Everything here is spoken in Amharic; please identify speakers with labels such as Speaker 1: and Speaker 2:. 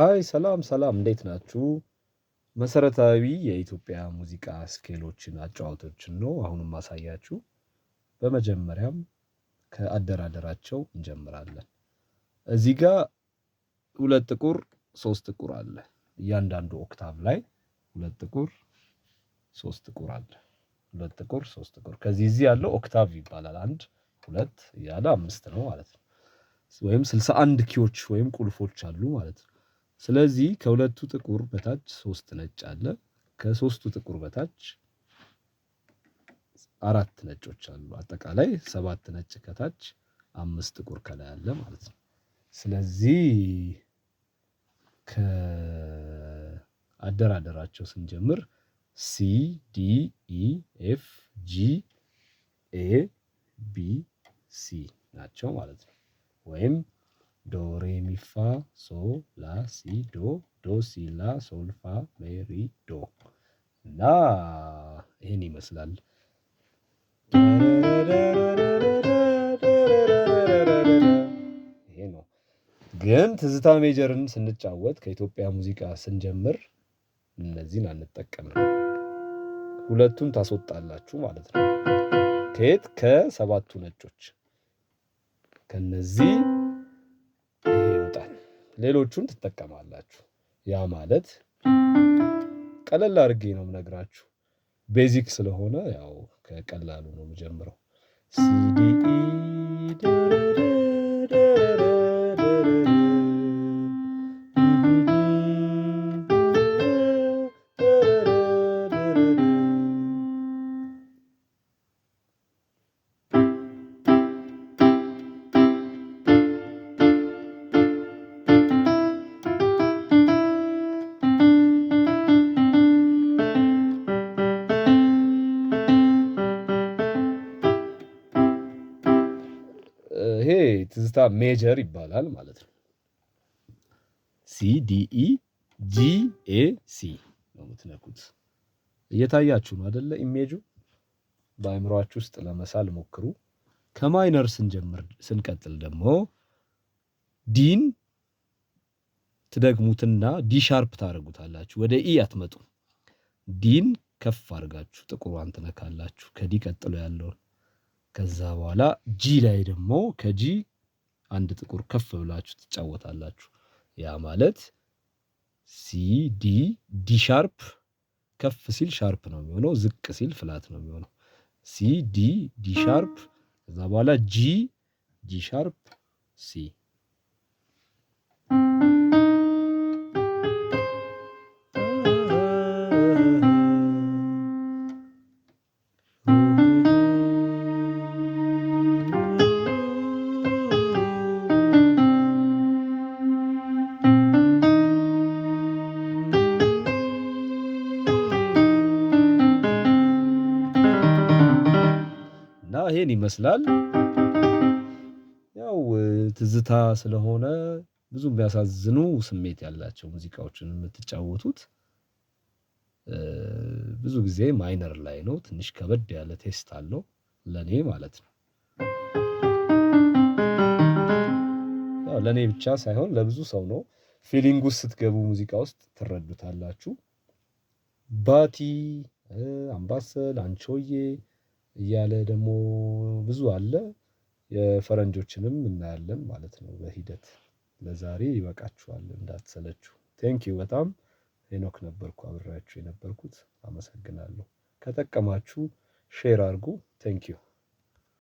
Speaker 1: ሀይ ሰላም ሰላም እንዴት ናችሁ? መሰረታዊ የኢትዮጵያ ሙዚቃ ስኬሎችን አጫዋቶችን ነው አሁን ማሳያችሁ። በመጀመሪያም ከአደራደራቸው እንጀምራለን። እዚህ ጋር ሁለት ጥቁር ሶስት ጥቁር አለ። እያንዳንዱ ኦክታቭ ላይ ሁለት ጥቁር ሶስት ጥቁር አለ። ሁለት ጥቁር ሶስት ጥቁር ከዚህ እዚህ ያለው ኦክታቭ ይባላል። አንድ ሁለት እያለ አምስት ነው ማለት ነው። ወይም ስልሳ አንድ ኪዎች ወይም ቁልፎች አሉ ማለት ነው። ስለዚህ ከሁለቱ ጥቁር በታች ሶስት ነጭ አለ። ከሶስቱ ጥቁር በታች አራት ነጮች አሉ። አጠቃላይ ሰባት ነጭ ከታች አምስት ጥቁር ከላይ አለ ማለት ነው። ስለዚህ ከአደራደራቸው ስንጀምር ሲ ዲ ኢ ኤፍ ጂ ኤ ቢ ሲ ናቸው ማለት ነው ወይም ዶ ሬ ሚ ፋ ሶ ላ ሲ ዶ ዶ ሲ ላ ሶል ፋ ሜ ሪ ዶ እና ይሄን ይመስላል። ይሄ ነው ግን ትዝታ ሜጀርን ስንጫወት ከኢትዮጵያ ሙዚቃ ስንጀምር እነዚህን አንጠቀምም ሁለቱን ታስወጣላችሁ ማለት ነው። ከየት ከሰባቱ ነጮች ከነዚህ ሌሎቹን ትጠቀማላችሁ። ያ ማለት ቀለል አድርጌ ነው የምነግራችሁ። ቤዚክ ስለሆነ ያው ከቀላሉ ነው የምጀምረው ሲዲኢ ትዝታ ሜጀር ይባላል ማለት ነው። ሲዲኢ ጂ ኤ ሲ ነው የምትነኩት። እየታያችሁ ነው አደለ? ኢሜጁ በአእምሯችሁ ውስጥ ለመሳል ሞክሩ። ከማይነር ስንጀምር ስንቀጥል ደግሞ ዲን ትደግሙትና ዲሻርፕ ሻርፕ ታደርጉታላችሁ። ወደ ኢ አትመጡ። ዲን ከፍ አድርጋችሁ ጥቁሯን ትነካላችሁ፣ ከዲ ቀጥሎ ያለውን። ከዛ በኋላ ጂ ላይ ደግሞ ከጂ አንድ ጥቁር ከፍ ብላችሁ ትጫወታላችሁ። ያ ማለት ሲ ዲ ዲ ሻርፕ ከፍ ሲል ሻርፕ ነው የሚሆነው፣ ዝቅ ሲል ፍላት ነው የሚሆነው። ሲ ዲ ዲ ሻርፕ ከዛ በኋላ ጂ ጂ ሻርፕ ሲ እና ይሄን ይመስላል። ያው ትዝታ ስለሆነ ብዙ የሚያሳዝኑ ስሜት ያላቸው ሙዚቃዎችን የምትጫወቱት ብዙ ጊዜ ማይነር ላይ ነው። ትንሽ ከበድ ያለ ቴስት አለው ለኔ ማለት ነው። ያው ብቻ ሳይሆን ለብዙ ሰው ነው። ፊሊንግ ውስጥ ስትገቡ ሙዚቃ ውስጥ ትረዱታላችሁ። ባቲ፣ አምባሰል፣ አንቾዬ እያለ ደግሞ ብዙ አለ። የፈረንጆችንም እናያለን ማለት ነው በሂደት። ለዛሬ ይበቃችኋል እንዳትሰለችው። ቴንኪው በጣም ሄኖክ ነበርኩ አብሬያችሁ የነበርኩት አመሰግናለሁ። ከጠቀማችሁ ሼር አድርጉ ቴንኪዩ